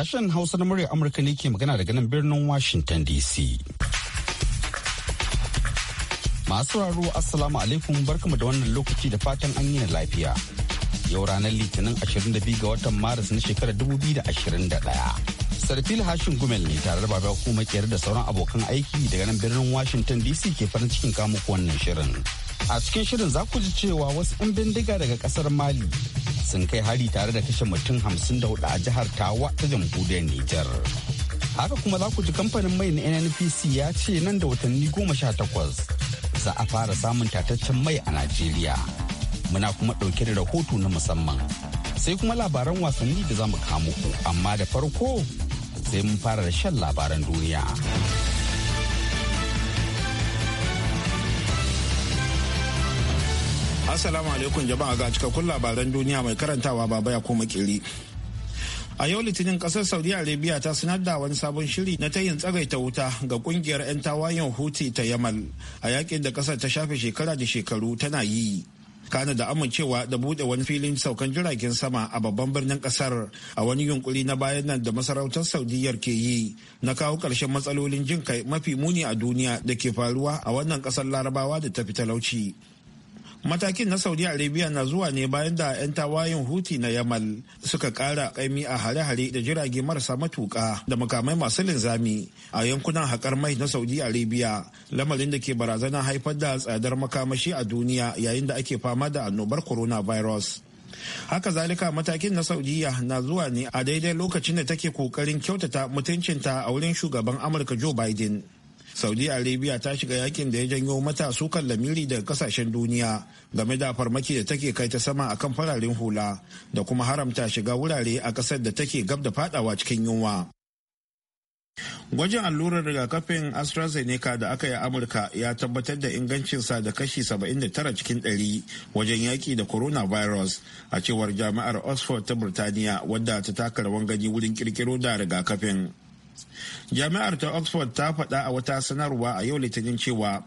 Sashen Hausa na murya Amurka ne ke magana daga nan birnin Washington DC. Masu raro Assalamu alaikum barkamu da wannan lokaci da fatan an yi na lafiya. Yau ranar Litinin 22 ga watan Maris na shekarar 2021. Sarfil Hashin Gumel ne tare da baba kuma makiyar da sauran abokan aiki daga nan birnin Washington DC ke farin cikin kamuku wannan shirin. A cikin shirin za ku ji cewa wasu 'yan bindiga daga kasar Mali sun kai hari tare da kashe mutum hamsin da hudu a jihar Tawa ta jamhuriyar Nijar. Haka kuma za ku ji kamfanin mai na NNPC ya ce nan da watanni goma sha takwas za a fara samun tataccen mai a Najeriya. Muna kuma ɗauke da rahoto na musamman. Sai kuma labaran wasanni da za mu kamo ku amma da farko sai mun fara da shan labaran duniya. Assalamu alaikum jama'a ga cikakkun labaran duniya mai karantawa baba ya koma kiri. A yau litinin kasar Saudi Arabia ta sanar da wani sabon shiri na tayin tsagaita wuta ga kungiyar 'yan tawayen Houthi ta Yamal a yakin da kasar ta shafe shekara da shekaru tana yi. Kana da amincewa da buɗe wani filin saukan jiragen sama a babban birnin kasar a wani yunkuri na bayan nan da masarautar Saudiyyar ke yi na kawo ƙarshen matsalolin jin kai mafi muni a duniya da ke faruwa a wannan ƙasar larabawa da ta fi talauci. matakin na saudi arabia na zuwa ne bayan da 'yan tawayen huti na yamal suka kara kaimi a hare-hare da jirage marasa matuka da makamai masu linzami a yankunan haƙar mai na saudi arabia lamarin da ke barazana haifar da tsadar makamashi a duniya yayin da ake fama da annobar coronavirus haka zalika matakin na saudiya na zuwa ne a daidai lokacin da take kokarin kyautata mutuncinta a wurin shugaban amurka joe biden saudi arabia ta shiga yakin da ya janyo mata sukan lamiri daga kasashen duniya game da farmaki da take kai ta sama akan fararen hula da kuma haramta shiga wurare a kasar da take gab da fadawa cikin yunwa gwajin allurar rigakafin astrazeneca da aka yi amurka ya tabbatar da ingancinsa da kashi 79 cikin 100 wajen yaki da coronavirus a cewar jami'ar oxford ta burtaniya wadda ta taka rawan gani wurin kirkiro da rigakafin jami'ar ta oxford ta faɗa a wata sanarwa a yau litinin cewa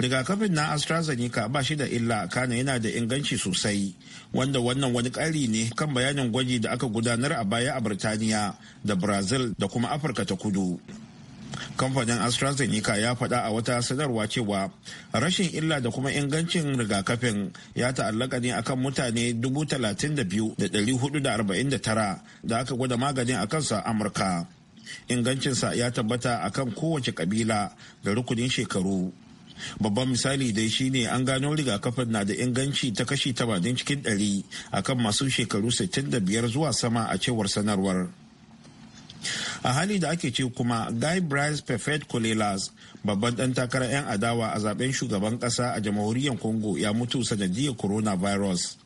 rigakafin na astrazeneca ba shi da illa kana yana da inganci sosai wanda wannan wani kari ne kan bayanin gwaji da aka gudanar a baya a birtaniya da brazil da kuma afirka ta kudu kamfanin astrazeneca ya faɗa a wata sanarwa cewa rashin illa da kuma ingancin rigakafin ya ta'allaka ne akan mutane 32,449 da aka gwada maganin a kansa amurka ingancinsa ya tabbata a kan kowace kabila da rukunin shekaru babban misali dai shine an gano rigakafin na da inganci ta kashi 80 cikin a kan masu shekaru 65 zuwa sama a cewar sanarwar a hali da ake ce kuma guy bryce perfect colelas babban dan takarar 'yan adawa a zaben shugaban kasa a jamhuriyar congo ya mutu sanadiyar coronavirus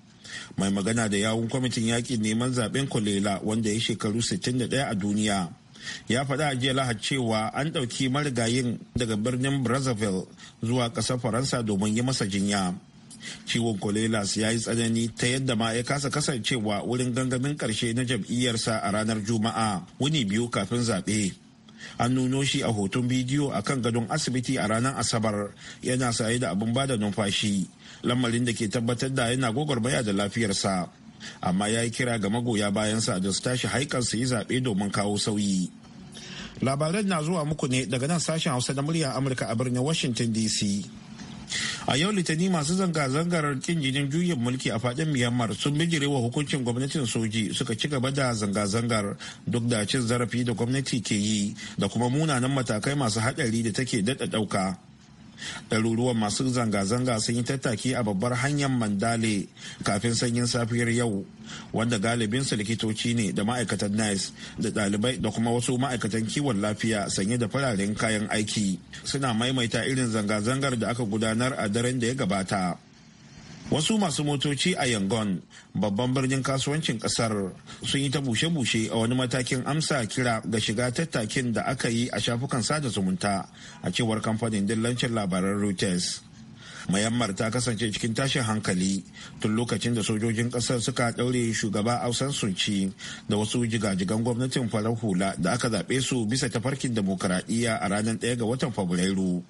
mai magana da yawun kwamitin yakin neman zaben kolela wanda ya shekaru 61 a duniya ya faɗa a jiya lahad cewa an ɗauki marigayin daga birnin brazzaville zuwa ƙasar faransa domin yi masa jinya ciwon kolelas ya yi tsanani ta yadda ma ya kasa kasancewa wurin gangamin ƙarshe na jam'iyyarsa a ranar juma'a wuni biyu kafin zaɓe an nuno shi a hoton bidiyo a kan gadon asibiti a ranar asabar yana saye da abin bada numfashi lamarin da ke tabbatar da yana gwagwarmaya da lafiyarsa amma ya yi kira ga magoya bayan sa da su tashi haikar su yi zaɓe domin kawo sauyi labaran na zuwa muku ne daga nan sashen hausa da murya amurka a birnin washington dc a yau litani masu zanga-zangar kin jinin juyin mulki a fadin myanmar sun bijire wa hukuncin gwamnatin soji suka ci gaba da zanga-zangar duk da cin zarafi da gwamnati ke yi da kuma munanan matakai masu haɗari da take daɗa ɗauka ɗaruruwan masu zanga-zanga sun yi tattaki a babbar hanyar mandale kafin sanyin safiyar yau wanda galibinsu likitoci ne da ma'aikatan nice da ɗalibai da kuma wasu ma'aikatan kiwon lafiya sanye da fararen kayan aiki suna maimaita irin zanga-zangar da aka gudanar a daren da ya gabata wasu masu motoci a yangon babban birnin kasuwancin kasar sun yi ta bushe-bushe a wani matakin amsa kira ga shiga tattakin da aka yi a shafukan sada zumunta a cewar kamfanin dillancin labaran reuters mayammar ta kasance cikin tashin hankali tun lokacin da sojojin kasar suka daure shugaba ausan sunci da wasu jigajigan gwamnatin farar hula da aka zaɓe su bisa tafarkin demokuraɗiyya a ranar 1 ga watan fabrairu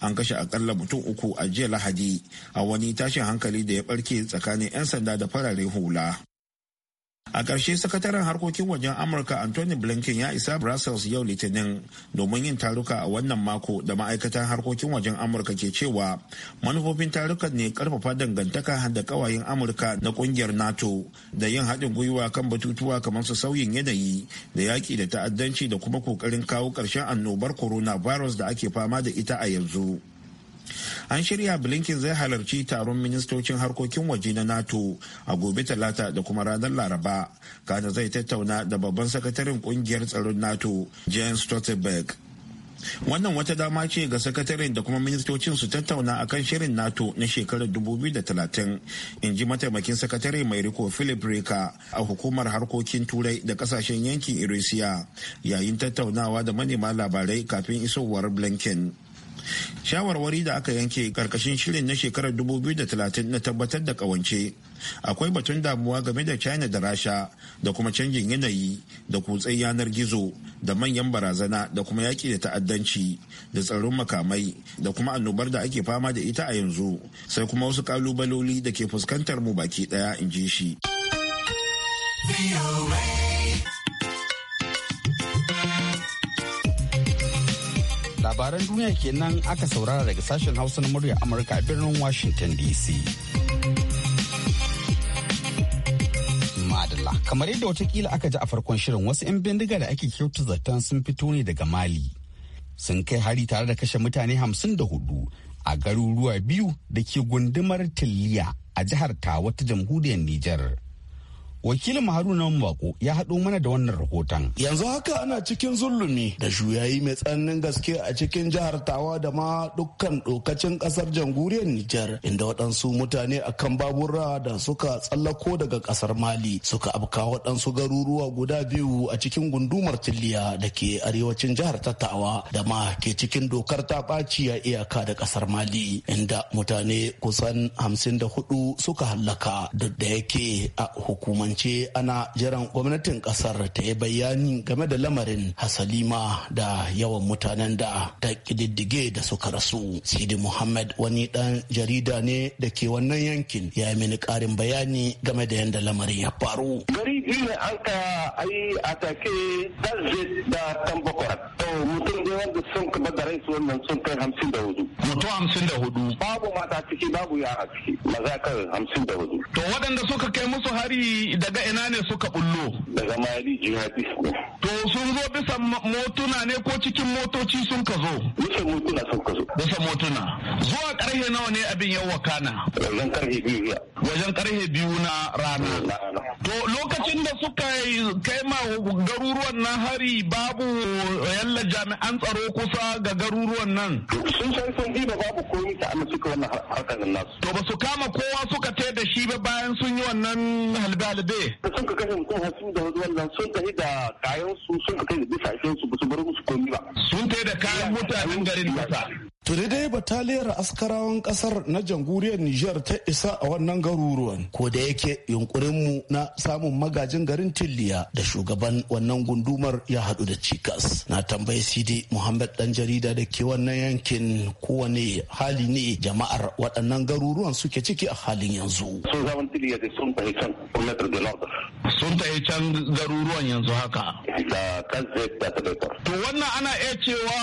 an kashe akalla mutum uku a jiya lahadi a wani tashin hankali da ya barke tsakanin 'yan sanda da fararen hula A ƙarshe sakataren harkokin wajen Amurka Anthony Blinken ya isa Brussels yau Litinin domin yin taruka a wannan mako da ma'aikatan harkokin wajen Amurka ke cewa manufofin tarukan ne karfafa dangantaka da kawayen Amurka na kungiyar NATO da yin haɗin gwiwa kan batutuwa kamar su sauyin yanayi da yaƙi da ta'addanci da kuma ƙoƙarin kawo ƙarshen annobar coronavirus da ake fama da ita a yanzu. an shirya blinken zai halarci taron ministocin harkokin waje na nato a gobe talata da kuma ranar laraba kada zai tattauna da babban sakataren kungiyar tsaron nato james stoltenberg wannan wata dama ce ga sakataren da kuma ministocin su tattauna a kan shirin nato na shekarar 2030 in ji mataimakin sakatare mai riko philip reka a hukumar harkokin turai da kasashen yankin irisiya yayin tattaunawa da manema labarai kafin isowar blinken shawarwari da aka yanke karkashin shirin na shekarar 2030 na tabbatar da kawance akwai batun damuwa game da china da rasha da kuma canjin yanayi da kutsen yanar gizo da manyan barazana da kuma yaƙi da ta'addanci da tsaron makamai da kuma annobar da ake fama da ita a yanzu sai kuma wasu kalubaloli da ke fuskantar mu baki daya in ji shi. labaran duniya kenan aka saurara daga sashen hausa na murya amurka a birnin washington dc Madala kamar yadda watakila aka ji a farkon shirin wasu 'yan bindiga da ake kyautu zaton sun fito ne daga mali sun kai hari tare da kashe mutane hamsin da hudu a garuruwa biyu da ke gundumar tiliya a jihar tawa ta jamhuriyar nijar wakilin haruna mako ya haɗo mana da wannan rahoton yanzu haka ana cikin zulumi da shuyayi mai tsananin gaske a cikin jihar tawa da ma dukkan dokacin kasar jamhuriyar nijar inda waɗansu mutane akan babura da suka tsallako daga kasar mali suka abka waɗansu garuruwa guda biyu a cikin gundumar tiliya da ke arewacin jihar ta tawa da ma ke cikin dokar ta ɓaci a iyaka da kasar mali inda mutane kusan hamsin da hudu suka hallaka duk da yake a hukumar. kasance ana jiran gwamnatin kasar ta yi bayani game da lamarin hasalima da yawan mutanen da ta kididdige da suka rasu sidi muhammad wani dan jarida ne da ke wannan yankin ya yi mini karin bayani game da yadda lamarin ya faru gari ne an ka ayi atake da tambakwarat mutum da wanda sun kaba da rai wannan sun kai hamsin da hudu mutum hamsin da hudu babu mata ciki babu yara ciki maza kan hamsin da hudu to waɗanda suka kai musu hari daga ina ne suka bullo daga mali jihadi. to sun zo bisa motuna ne ko cikin motoci sun ka zo bisa motuna sun ka zo bisa motuna zuwa karhe nawa ne abin ya wakana wajen karhe biyu wajen karhe biyu na rana to lokacin da suka kai ma garuruwan nan hari babu yalla jami'an tsaro kusa ga garuruwan nan sun san sun ba babu komai ta amma suka wannan harkar nan. to ba su kama kowa suka tayar da shi ba bayan sun yi wannan halbe be da sun ka kashe mutum hasu da wannan sun tafi da kayan su sun ka kai da bisashen su ba su bar musu komi ba sun tafi da kayan mutanen garin kasa Tuni dai bataliyar askarawan kasar na jamhuriyar Nijar ta isa a wannan garuruwan ko da yake yunkurinmu na samun magajin garin Tilliya da shugaban wannan gundumar ya haɗu da cikas. Na tambayi Sidi Muhammad dan jarida da ke wannan yankin kowane hali ne jama'ar waɗannan garuruwan suke ciki a halin yanzu. Sun zaman Tilliya sun can Sun can garuruwan yanzu haka. Da kan da To wannan ana iya cewa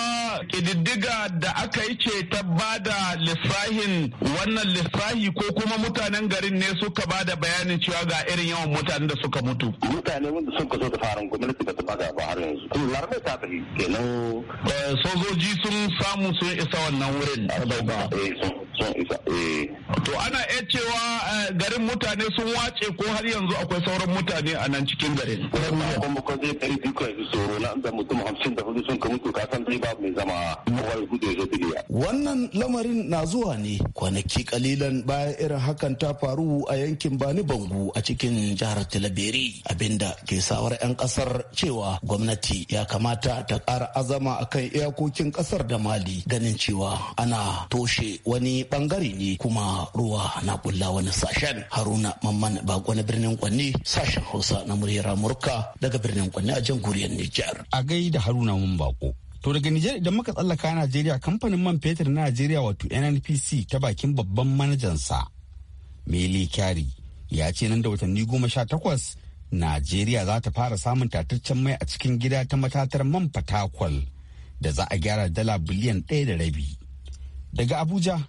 ƙididdiga da aka yi ce ta bada lissahin wannan lissahi ko kuma mutanen garin ne suka bada bayanin cewa ga irin yawan mutanen da suka mutu. Mutane wanda sun kaso da farin gwamnati ba ta bada ba har yanzu. Kuma larabai ta tafi kenan. Eh, sojoji sun samu sun isa wannan wurin. Sun isa. Eh, eh. To ana iya cewa garin mutane sun wace ko har yanzu akwai sauran mutane a nan cikin garin. Kuma ko zai ɗari biyu kawai su tsoro na zama mutum hamsin da hudu sun ka mutu kasan zai babu mai zama. Kowai hudu ya zo biliya. Wannan lamarin na zuwa ne kwanaki kalilan bayan irin hakan ta faru a yankin Bani Bangu a cikin jihar Talabiri abinda ke sawar 'yan kasar cewa gwamnati ya kamata ta ƙara azama akan iyakokin kasar da Mali ganin cewa ana toshe wani bangare ne kuma ruwa na kulla wani sashen Haruna Mamman Bako na birnin Kwanne sashen Hausa na muryar Amurka daga birnin Kwanne a jan guriyar Nijar. A gaida Haruna mun Bako. To daga Nijeriya idan muka tsallaka Najeriya kamfanin man fetur na Najeriya wato NNPC ta bakin babban manajansa. Mele Kyari ya ce nan da watanni goma sha takwas Najeriya za ta fara samun tataccen mai a cikin gida ta matatar man fatakwal da za a gyara dala biliyan ɗaya da rabi. Daga Abuja,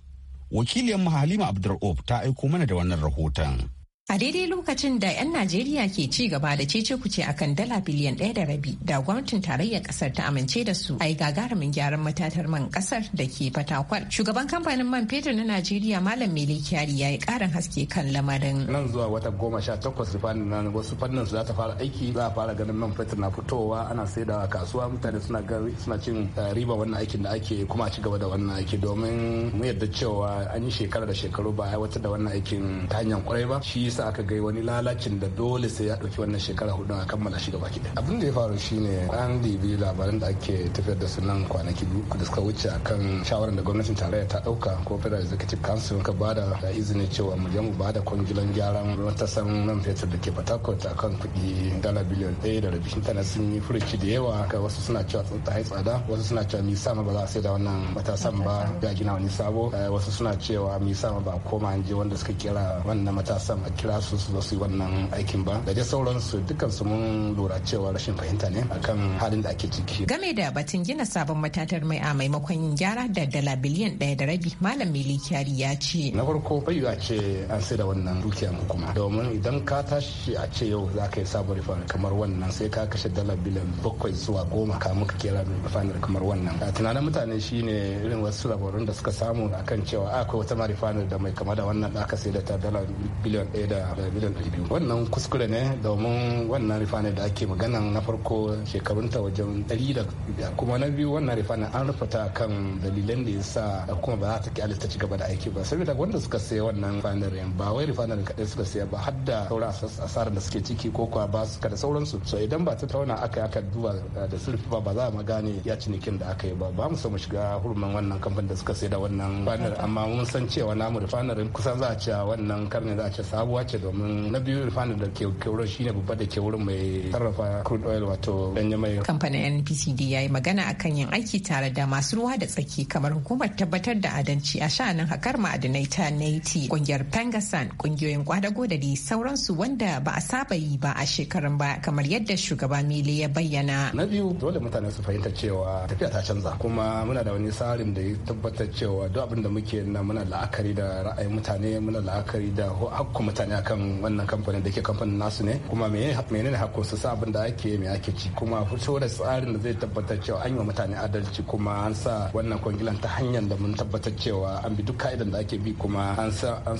wakiliyar Halima Abdur'ob ta aiko mana da wannan rahoton. A daidai lokacin da 'yan Najeriya ke ci gaba da cece kuce kan dala biliyan ɗaya da rabi da gwamnatin tarayyar ƙasar ta amince da su a yi gagarumin gyaran matatar man ƙasar da ke fatakwal. Shugaban kamfanin man fetur na Najeriya Malam Mele Kyari ya yi ƙarin haske kan lamarin. Nan zuwa wata goma sha takwas fannin nan wasu fannin su za ta fara aiki za a fara ganin man fetur na fitowa ana da kasuwa mutane suna suna cin eh, riba wannan aikin da ake kuma a ci gaba da wannan aiki domin mu yarda cewa an yi shekara da shekaru ba a aiwatar da wannan aikin ta hanyar kwarai ba shi yasa aka gai wani lalacin da dole sai ya ɗauki wannan shekara hudu a kammala shi gaba ɗaya abin da ya faru shine an dibi labaran da ake tafiyar da su nan kwanaki biyu da suka wuce akan shawaran da gwamnatin tarayya ta ɗauka ko federal executive council ka ba da izini cewa mu je mu ba da kwangilan gyaran matasan nan fetur da ke port kan kuɗi dala biliyan ɗaya da rabi tana sun yi furuci da yawa ka wasu suna cewa hai tsada wasu suna cewa misa ma ba za a sai da wannan matasan ba ya gina wani sabo eh, wasu suna cewa nisa ma ba koma an je wanda suka kira wannan matasan a kira su su zo su yi wannan aikin ba da dai sauransu dukkan su mun lura cewa rashin fahimta ne akan halin da ake ciki game da batun gina sabon matatar mai a maimakon yin gyara da dala biliyan ɗaya da rabi malam mili kyari ya ce na farko bai a ce an sai da wannan dukiyar hukuma domin idan ka tashi a ce yau za ka yi sabon rifanar kamar wannan sai ka kashe dala biliyan bakwai zuwa goma ka ka kera rifanar kamar wannan tunanin mutane shine irin wasu labarun da suka samu akan cewa akwai wata marifanar da mai kama da wannan da aka sai da ta dala biliyan ɗaya da miliyan 200 wannan kuskure ne domin wannan rifanar da ake magana na farko shekarunta wajen 100 kuma na biyu wannan rifanar an rufe ta kan dalilan da ya sa kuma ba za ta kyale ta ci gaba da aiki ba saboda wanda suka saya wannan rifanar ba wai rifanar kaɗai suka saya ba har da sauran asarar da suke ciki ko kuwa ba su da sauransu so idan ba ta tauna aka aka duba eh, da sulfi ba ba za mu gane ya cinikin da aka yi ba ba mu so mu shiga hurumin wannan kamfanin da suka sayi da wannan rifanar amma mun san cewa namu rifanar kusan za a ce wannan karni za a ce sabuwa ce domin na biyu refinery da ke wurin shine babba da ke wurin mai sarrafa crude oil wato danyen mai kamfanin npcd ya yi magana akan yin aiki tare da masu ruwa da tsaki kamar hukumar tabbatar da adanci a sha'anin hakar ma'adinai ta naiti kungiyar pangasan kungiyoyin kwadago da dai sauransu wanda ba a saba yi ba a shekarun ba kamar yadda shugaba mele ya bayyana na biyu dole mutane su fahimta cewa tafiya ta canza kuma muna da wani tsarin da ya tabbatar cewa duk abin da muke na muna la'akari da ra'ayin mutane muna la'akari da hakkun mutane ne akan wannan kamfanin da ke kamfanin nasu ne kuma me ne hakko su sa abin da ake me ake ci kuma fito da tsarin da zai tabbatar cewa an yi wa mutane adalci kuma an sa wannan kwangilan ta hanyar da mun tabbatar cewa an bi duk ka'idan da ake bi kuma an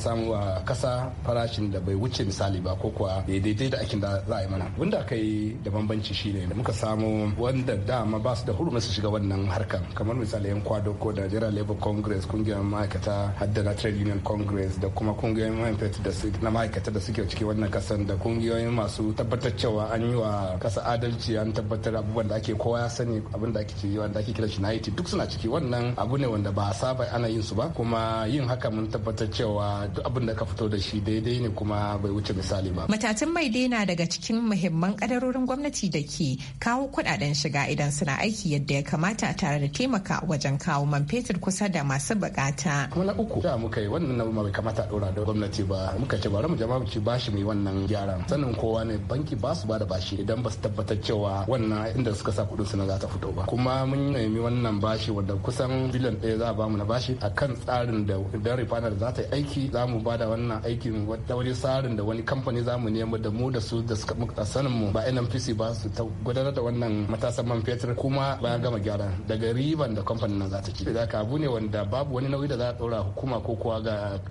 samu wa kasa farashin da bai wuce misali ba ko kuwa daidai da akin da za a yi mana wanda aka yi da bambanci shine da muka samu wanda dama ba su da hurumin su shiga wannan harkan kamar misali yan kwado ko da jira labor congress kungiyar ma'aikata haddana trade union congress da kuma kungiyar ma'aikata da na ma'aikata da suke ciki wannan kasan da kungiyoyin masu tabbatar cewa an yi wa kasa adalci an tabbatar abubuwan da ake kowa ya sani abin da ake ciki wanda ake kira shi duk suna ciki wannan abu ne wanda ba a saba ana yin su ba kuma yin haka mun tabbatar cewa duk abin da ka fito da shi daidai ne kuma bai wuce misali ba. Matatan mai daina daga cikin muhimman kadarorin gwamnati da ke kawo kudaden shiga idan suna aiki yadda ya kamata tare da taimaka wajen kawo man fetur kusa da masu bukata. Kuma na uku da muka yi wannan na bai kamata a dora da gwamnati ba muka ce bari mu jama'a su ci bashi mai wannan gyaran sanin kowa ne banki ba su ba da bashi idan ba su tabbatar cewa wannan inda suka sa kuɗin su na za ta fito ba kuma mun nemi wannan bashi wanda kusan biliyan ɗaya za a bamu na bashi kan tsarin da idan refinery za ta yi aiki za mu ba da wannan aikin da wani tsarin da wani kamfani za mu nemo da mu da su da suka muka sanin mu ba NNPC ba su ta gudanar da wannan matasan man fetur kuma bayan gama gyara daga riban da kamfanin nan za ta ci Daga abu ne wanda babu wani nauyi da za a ɗora hukuma ko kuwa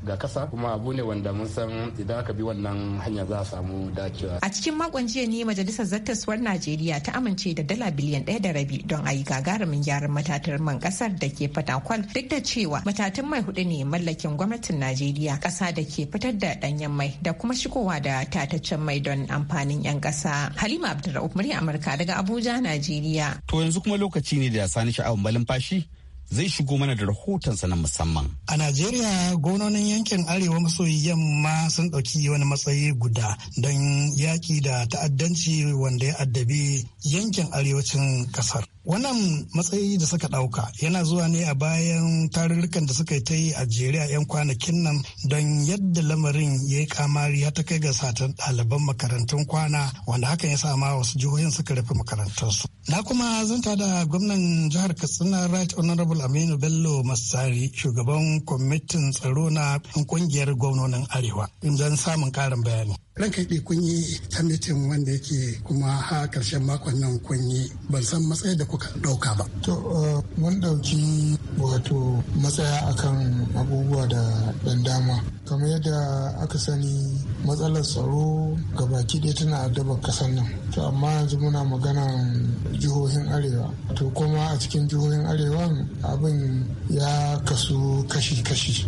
ga kasa kuma abu ne wanda mun san idan idan aka bi wannan hanya za a samu dacewa. A cikin makon jiya ne majalisar zattaswar Najeriya ta amince da dala biliyan ɗaya da rabi don a yi gagarumin gyaran matatar man ƙasar da ke fatakwal duk da cewa matatun mai hudu ne mallakin gwamnatin Najeriya ƙasa da ke fitar da ɗanyen mai da kuma shigowa da tataccen mai don amfanin 'yan ƙasa. Halima Abdulrahman Amurka daga Abuja, Najeriya. To yanzu kuma lokaci ne da ya sani sha'awar fashi. zai shigo mana da rahotonsa na musamman. A Najeriya gononin yankin arewa maso yamma sun ɗauki wani matsayi guda don yaƙi da ta'addanci wanda ya addabi yankin arewacin ƙasar. Wannan matsayi da suka ɗauka yana zuwa ne a bayan tarurrukan da suka yi ta yi a jere 'yan kwanakin nan don yadda lamarin ya yi kamari ya ta kai ga satan ɗaliban makarantun kwana wanda hakan ya sama wasu jihohin suka rufe makarantarsu Na kuma zanta da gwamnan jihar Katsina Right Honorable Aminu Bello Masari shugaban kwamitin tsaro na kungiyar gwamnonin Arewa don samun karin bayani. ranka ɗe kun yi ta mitin wanda yake kuma ha ƙarshen makon nan kunyi yi ban san matsayin da kuka ɗauka ba. To uh, mun ɗauki wato matsaya akan abubuwa da ɗan dama. Kamar yadda aka sani matsalar tsaro ga baki ɗaya tana addabar ƙasar nan. To amma yanzu muna maganan jihohin Arewa. To kuma a cikin jihohin Arewa abin ya kasu kashi-kashi.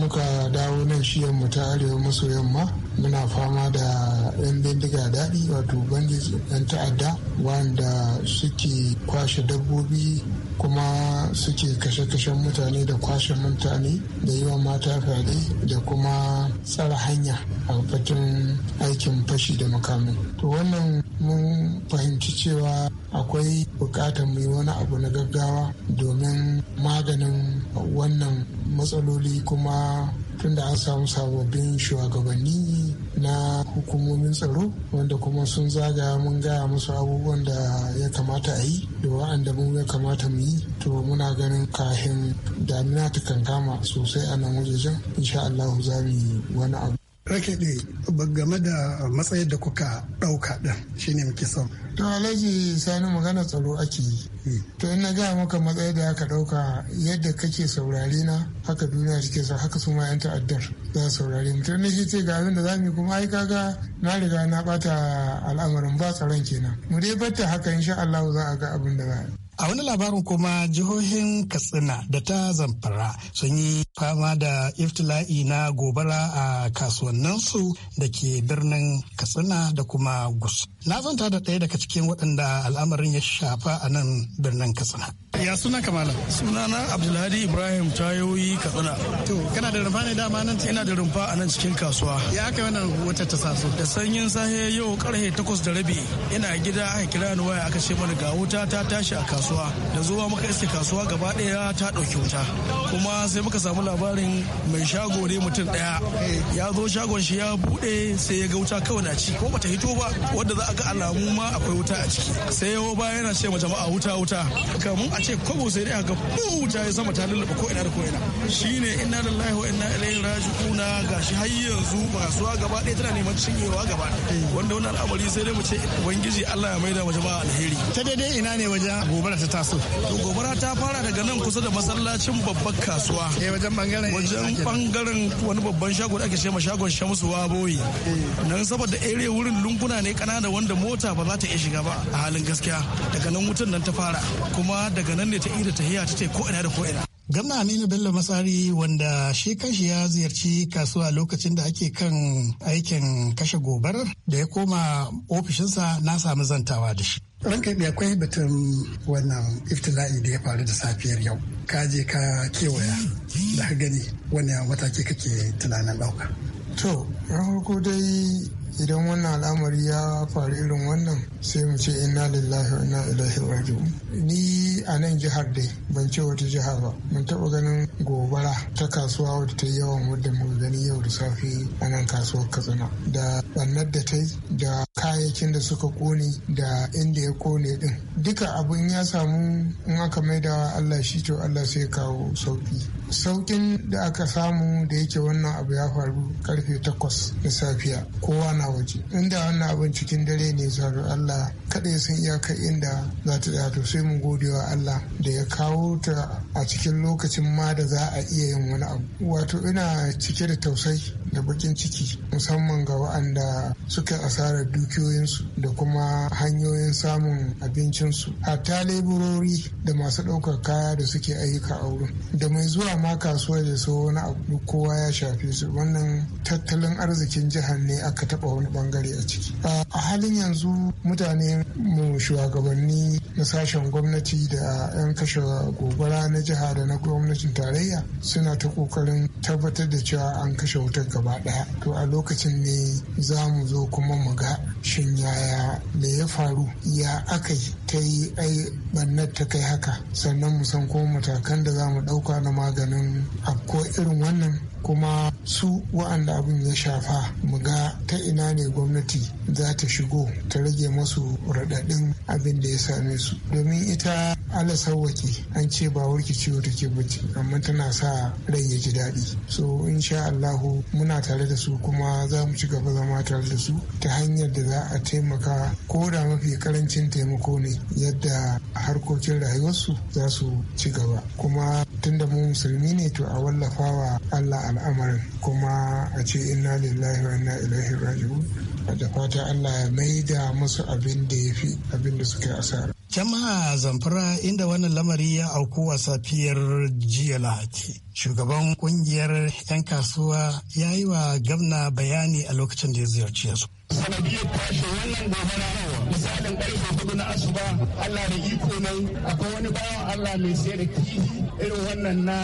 muka dawo nan shi mu ta Arewa maso yamma muna fama da 'yan bindiga daɗi wato bandit 'yan ta'adda wanda suke kwashe dabbobi kuma suke kashe-kashen mutane da kwashe mutane da yi wa mata fyaɗe da kuma tsara hanya a batun aikin fashi da mukami. to wannan mun fahimci cewa akwai bukatar mu wani abu na gaggawa domin maganin wannan matsaloli kuma tunda an samu sababbin shugabanni na hukumomin tsaro wanda kuma sun zaga mun gaya musu abubuwan da ya kamata a yi da wa'anda mu ya kamata mu yi to muna ganin kahin damina ta kankama sosai a nan wajejen insha Allah za mu yi wani abu rakeɗe game da matsayar da kuka ɗauka ɗin shine muke son. to alhaji sani magana tsaro ake yi hmm. to in na gaya maka matsayar da aka ɗauka yadda kake saurari na haka duniya take sa haka su ma yan ta'addar za su saurare mu to na shi ce ga abin da za mu kuma ai kaga na riga na ɓata al'amarin ba tsaron kenan mu dai bata haka insha Allah za a ga abin da za a yi. A wani labarin kuma jihohin Katsina da ta Zamfara sun yi fama da iftila'i na gobara a kasuwanninsu da ke birnin Katsina da kuma Gusau. na zanta da ɗaya daga cikin waɗanda al'amarin ya shafa a nan birnin katsina ya suna kamala sunana abdulhadi ibrahim tayoyi katsina to kana da rumfa ne dama nan ina da rumfa a nan cikin kasuwa ya aka wannan wata ta saso da sanyin sahe yau karfe takwas da rabi ina gida aka kira ni waya aka ce mana ga wuta ta tashi a kasuwa da zuwa muka iske kasuwa gaba ɗaya ta ɗauki wuta kuma sai muka samu labarin mai shago ne mutum ɗaya eh. ya zo shagon shi ya buɗe sai ya ga wuta kawai na ci ko bata hito ba wadda za a ga alamu ma akwai wuta a ciki sai yawo ba yana ce ma jama'a wuta wuta kamun a ce kwabo sai dai a ga wuta ya sama ta lullaba ko ina da ko ina shine inna lillahi wa inna ilaihi ga gashi har yanzu masuwa gaba ɗaya tana neman cinyewa gaba wanda wani al'amari sai dai mu ce ubangiji Allah ya maida wa jama'a alheri ta daidai ina ne wajen gobara ta taso to gobara ta fara daga nan kusa da masallacin babban kasuwa eh wajen bangaren wajen bangaren wani babban shago da ake ce ma shagon shamsuwa Waboyi eh. nan saboda area wurin lunguna ne da wanda wanda mota ba za ta iya shiga ba a halin gaskiya daga nan wutan nan ta fara kuma daga nan ne ta ida tahiya ta ce ko ina da ko ina Gamna Aminu Bello Masari wanda shi kanshi ya ziyarci kasuwa lokacin da ake kan aikin kashe gobar da ya koma ofishinsa na samu zantawa da shi. ranka akwai batun wannan iftila'i da ya faru da safiyar yau ka je ka kewaya da ka gani wani mataki kake tunanin ɗauka. to farko dai idan wannan al'amari ya faru irin wannan sai mu ce inna lillahi wa inna ilaihi raji'un ni a nan jihar dai ban ce wata jiha ba mun taɓa ganin gobara ta kasuwa wadda ta yawan wadda mu gani yau da safe a nan kasuwar katsina da ɓannar da ta da kayayyakin da suka kone da inda ya kone din duka abin ya samu in aka maida Allah shi to Allah sai ya kawo sauki saukin da aka samu da yake wannan abu ya faru karfe takwas na safiya kowa na waje inda wannan abin cikin dare ne zaro Allah kada ya san iyaka inda za ta tsaya to sai mu gode wa Allah da ya kawo ta a cikin lokacin ma da za a iya yin wani abu wato ina cike da tausayi da bakin ciki musamman ga waɗanda suka asarar dukiyoyinsu da kuma hanyoyin samun abincinsu hatta leburori da masu ɗaukar kaya da suke ayyuka a wurin da mai zuwa ma kasuwa da so wani abu kowa ya shafe su wannan tattalin arzikin jihar ne aka taɓa wani bangare a ciki a halin yanzu mutane mu shugabanni na sashen gwamnati da 'yan kashe gobara na jiha da na gwamnatin tarayya suna ta kokarin tabbatar da cewa an kashe wutar gaba daya to a lokacin ne za mu zo kuma mu ga shin yaya me ya faru ya aka yi ta yi ai bannar ta kai haka sannan mu san kuma matakan da za mu dauka na maganin ko irin wannan kuma su wa'anda abin ya shafa mu ga ta ina ne gwamnati za ta shigo ta rage masu raɗaɗin abin da ya same su domin ita ala sawwake an ce ba warki ciwo take bacci amma tana sa rai ya ji daɗi so insha allahu muna tare da su kuma za mu ci gaba zama tare da su ta hanyar da za a taimaka ko da mafi karancin taimako ne yadda harkokin rayuwarsu za su ci gaba kuma tunda mu musulmi ne to a wallafa wa allah al'amarin kuma a ce inna lillahi wa inna ilaihi raji'un da fata Allah ya maida musu abin da ya fi abin da suka asara. Jama'a Zamfara inda wannan lamari ya auku a safiyar jiya Lahadi. Shugaban kungiyar 'yan kasuwa ya yi wa gamna bayani a lokacin da ya ziyarci su. sanadiyar kwashe wannan gobara misalin karfe hudu na asuba Allah da iko nan akwai wani bawan Allah mai sayar da kifi irin wannan na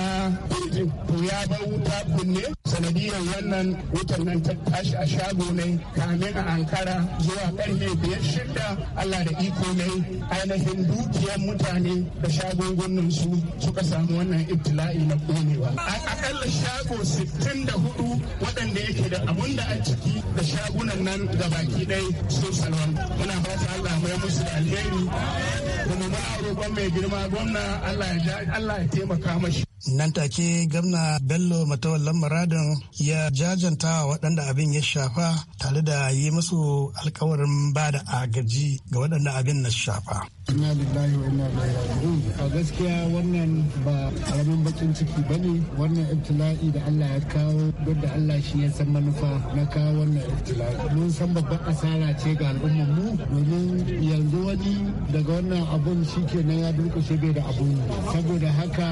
ya bar wuta kunne sanadiyar wannan wutan nan ta tashi a shago ne kamin a ankara zuwa karfe biyar shida allah da iko ne ainihin dukiyar mutane da shagogunan su suka samu wannan ibtila'i na konewa a akalla shago 64 waɗanda yake da abun da a ciki da shagunan nan ga baki ɗaya sun salwan muna fata allah mai musu da alheri kuma muna roƙon mai girma gwamna allah ya taimaka mashi. Nan take gamna Bello Matawallan Muradin ya jajanta waɗanda abin ya shafa tare da yi musu alkawarin ba da agaji ga waɗanda abin na shafa. Ina lillahi wa ina ilaihi raji'un. A gaskiya wannan ba karamin bakin ciki ba ne wannan iftila'i da Allah ya kawo duk da Allah shi ya san manufa na kawo wannan iftila'i. Mun san babban asara ce ga al'ummar mu domin yanzu wani daga wannan abun shi na ya shi bai da abun saboda haka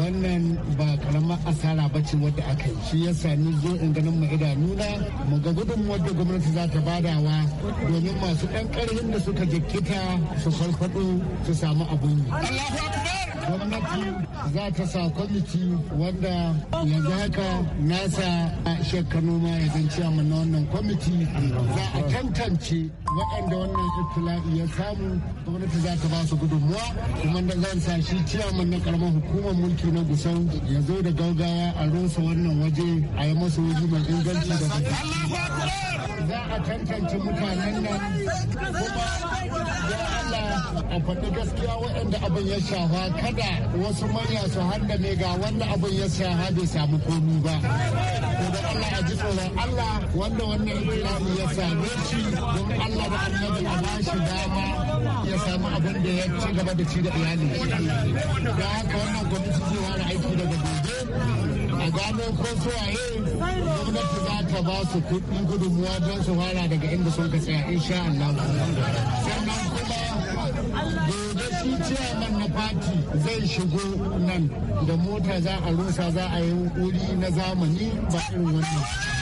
wannan ba karamar asara ba ce wadda aka yi shi yasa ni zo in ganin mu idanuna mu ga gudun wadda gwamnati za ta badawa domin masu ɗan ƙarfin da suka jikkita su farfaɗo zaɓin su samu abun yi. gwamnati za ta sa kwamiti wanda yanzu haka nasa shekka noma ya zan ciyama na wannan kwamiti za a tantance waɗanda wannan iftila'i ya samu gwamnati za ta ba su gudunmuwa kuma da zan sa shi ciyaman na karamar hukumar mulki na gusau ya zo da gaugawa a rusa wannan waje a yi masa waje mai inganci da za a tantance mutanen nan kuma ya Allah a faɗi gaskiya waɗanda abin ya shafa kan kada wasu manya su handame ga wanda abin ya sa saya bai samu komi ba da Allah a ji tsoron Allah wanda wannan ibtila'i ya same shi don Allah da annabi a ba shi dama ya samu abin da ya ci gaba da ci da iyali da haka wannan gwamnati zai fara aiki daga gobe a gano ko waye gwamnati za ta ba su kuɗi gudunmuwa don su fara daga inda sun ka tsaya insha Allah sannan kuma shi ciyaman na fati zai shigo nan da mota za a rusa za a yi wuri na zamani ba irin wannan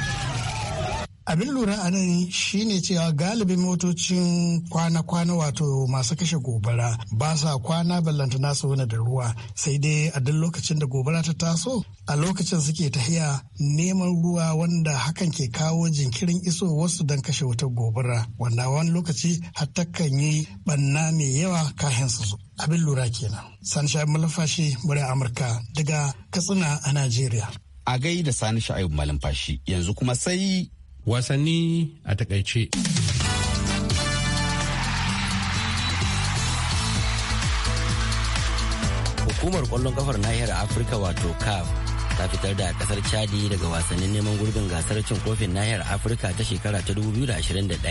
abin lura a nan shine cewa galibin motocin kwana-kwana wato masu kashe gobara ba sa kwana ballanta nasu wani da ruwa sai dai a duk lokacin da gobara ta taso a lokacin suke tahiya neman ruwa wanda hakan ke kawo jinkirin iso wasu don kashe wutar gobara wanda wani lokaci hatta kan yi banna mai yawa kahin su zo abin lura kenan sanisha malafashi murya amurka daga katsina a najeriya a gai da sani sha'ayu fashi yanzu kuma sai wasanni a takaice. hukumar kwallon kafar nahiyar afirka wato caf ta fitar da kasar chadi daga wasannin neman gurbin gasar cin kofin nahiyar afirka ta shekara ta 2021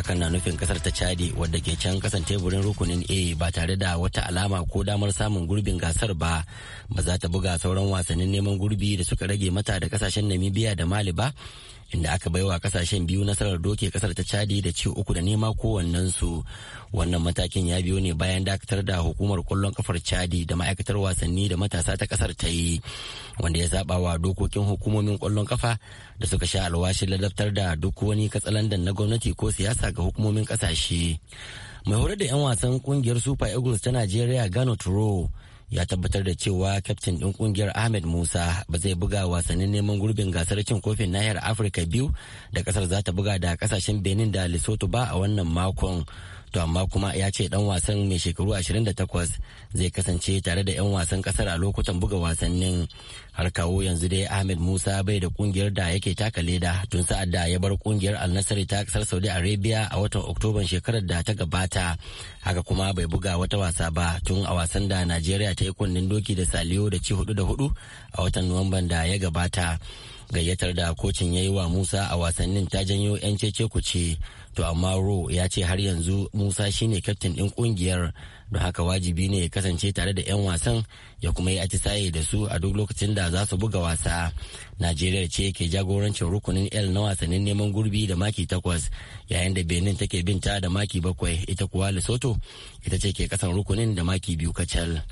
hakan na nufin kasar ta chadi wadda ke can kasan teburin rukunin a ba tare da wata alama ko damar samun gurbin gasar ba ba za ta buga sauran wasannin neman gurbi da suka rage mata da kasashen namibia da mali ba inda aka baiwa kasashen biyu nasarar doke kasar ta chadi da ci uku da nema kowannensu wannan matakin ya biyo ne bayan dakatar da hukumar kwallon kafar chadi da ma'aikatar wasanni da matasa ta kasar ta yi wanda ya saba wa dokokin hukumomin kwallon kafa da suka sha alwashin ladabtar da duk wani katsalandan na gwamnati ko siyasa ga hukumomin kasashe mai horar da 'yan wasan kungiyar super eagles ta najeriya gano turo ya tabbatar da cewa kyaftin ɗin ƙungiyar ahmed musa ba zai buga wasannin neman gurbin gasar cin kofin nahiyar afirka biyu da ƙasar za ta buga da ƙasashen benin da lesotho ba a wannan makon to amma kuma ya ce dan wasan mai shekaru 28 zai kasance tare da 'yan wasan kasar a lokutan buga wasannin har kawo yanzu dai ahmed musa bai da kungiyar da yake taka leda tun sa'ad da ya bar kungiyar al ta kasar saudi arabia a watan oktoban shekarar da ta gabata haka kuma bai buga wata wasa ba tun a wasan da nigeria ta yi kunnen doki da saliyo da ci hudu da hudu a watan nuwamban da ya gabata gayyatar da kocin ya yi wa musa a wasannin ta janyo 'yan cece kuce to amma ro ya ce har yanzu musa shine kyaftin ɗin ƙungiyar da haka wajibi ne ya kasance tare da 'yan wasan ya kuma yi atisaye da su a duk lokacin da za su buga wasa najeriya ce ke jagorancin rukunin l na wasannin neman gurbi da maki takwas yayin da benin take binta da maki bakwai ita kuwa lesotho ita ce ke kasan rukunin da maki biyu kacal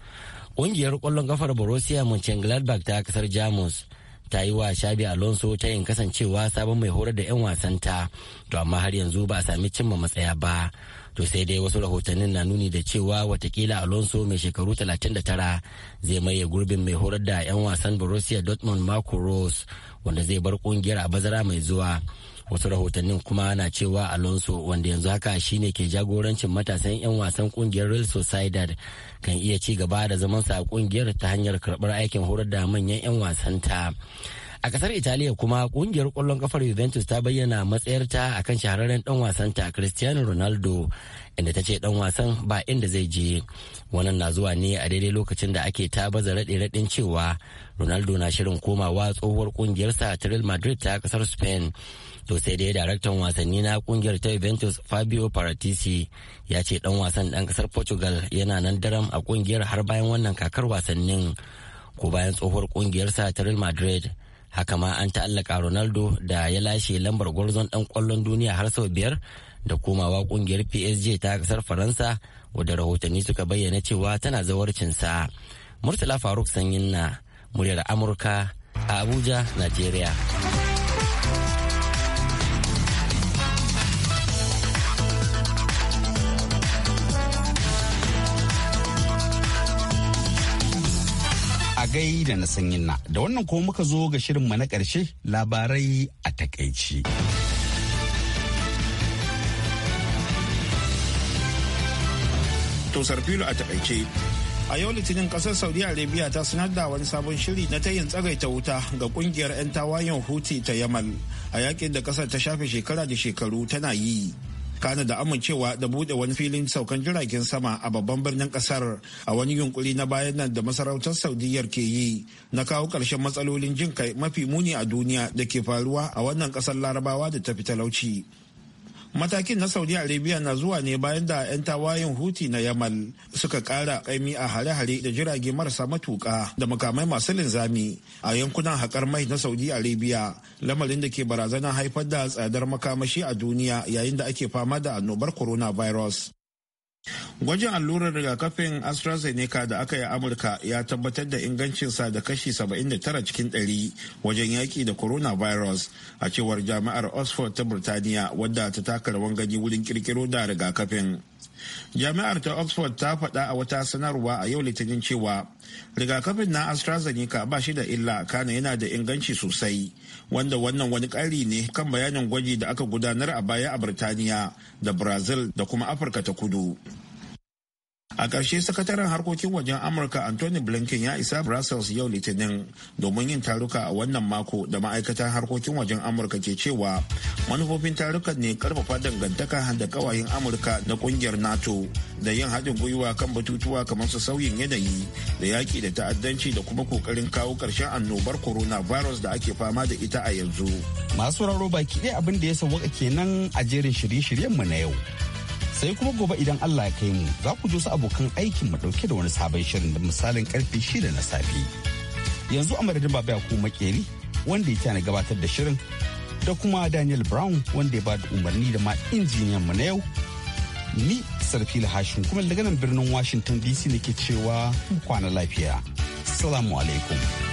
ƙungiyar ƙwallon ƙafar borussia mönchengladbach ta kasar jamus ta yi wa shabi alonso ta yin kasancewa sabon mai horar da 'yan wasanta to amma har yanzu ba a sami cimma matsaya ba to sai dai wasu rahotannin na nuni da cewa watakila alonso mai shekaru 39 zai maye gurbin mai horar da 'yan wasan borussia dortmund marco rose wanda zai bar kungiyar a bazara mai zuwa wasu rahotannin kuma na cewa alonso wanda yanzu haka shine ke jagorancin matasan 'yan wasan kungiyar real sociedad kan iya ci gaba da zaman sa a kungiyar ta hanyar karbar aikin horar da manyan 'yan wasan ta. a kasar italiya kuma kungiyar kwallon kafar juventus ta bayyana matsayarta a kan shahararren dan wasan wasanta cristiano ronaldo inda ta ce dan wasan ba inda zai je wannan na zuwa ne a daidai lokacin da ake ta baza raɗe raɗin cewa ronaldo na shirin komawa tsohuwar kungiyarsa ta real madrid ta kasar spain to sai dai daraktan wasanni na kungiyar ta juventus fabio paratisi ya ce dan wasan dan kasar portugal yana nan daram a kungiyar har bayan wannan kakar wasannin ko bayan tsohuwar kungiyar sa ta real madrid haka ma an ta'allaka ronaldo da ya lashe lambar gwarzon dan kwallon duniya har sau biyar da komawa kungiyar psg ta kasar faransa wadda rahotanni suka bayyana cewa tana zawarcin sa murtala faruk sanyin na muryar amurka a abuja nigeria gai da na sanyin na. Da wannan ko muka zo ga shirin mu na ƙarshe labarai a takaici. Tosar filo a takaice. A yau litinin kasar Saudi Arabia ta sanar da wani sabon shiri na tayin tsagaita wuta ga kungiyar 'yan tawayen huti ta Yamal a yakin da ƙasar ta shafe shekara da shekaru tana yi. kana da amincewa da bude wani filin saukan jiragen sama a babban birnin kasar a wani yunkuri na bayan nan da masarautar saudiyyar ke yi na kawo ƙarshen matsalolin jin kai mafi muni a duniya da ke faruwa a wannan ƙasar larabawa da tafi talauci matakin na saudi arabia na zuwa ne bayan da 'yan tawayen huti na yamal suka kara kaimi a hare-hare da jirage marasa matuka da makamai masu linzami a yankunan haƙar mai na saudi arabia lamarin da ke barazanar haifar da tsadar makamashi a duniya yayin da ake fama da annobar coronavirus Gwajin allurar rigakafin AstraZeneca da aka yi Amurka ya tabbatar da ingancinsa da kashi 79 cikin 100 wajen yaƙi da coronavirus a cewar jami'ar Oxford ta Burtaniya wadda ta taka rawan gani wurin kirkiro da rigakafin. jami'ar ta oxford ta faɗa a wata sanarwa a yau litinin cewa rigakafin na astrazeneca ba shi da illa kana yana da inganci sosai wanda wannan wani ƙari ne kan bayanin gwaji da aka gudanar a baya a birtaniya da brazil da kuma afirka ta kudu a ƙarshe sakataren harkokin wajen amurka anthony blinken ya isa brussels yau litinin domin yin taruka a wannan mako da ma'aikatan harkokin wajen amurka ke cewa manufofin taruka ne karfafa dangantaka da kawayen amurka na kungiyar nato da yin haɗin gwiwa kan batutuwa kamar su sauyin yanayi da yaƙi da ta'addanci da kuma ƙoƙarin kawo ƙarshen annobar Corona Virus da ake fama da ita a yanzu masu raro baki ɗaya abin da ya sauwaka kenan a jerin shirye-shiryenmu na yau sai kuma gobe idan Allah ya kai mu za ku ji wasu abokan aikin mu dauke da wani sabon shirin da misalin karfe shida na safe yanzu a madadin baba ko makeri wanda ya na gabatar da shirin da kuma Daniel Brown wanda ya ba da umarni da ma injiniyan mu na yau ni sarfi hashin kuma daga nan birnin Washington DC nake cewa kwana lafiya salamu alaikum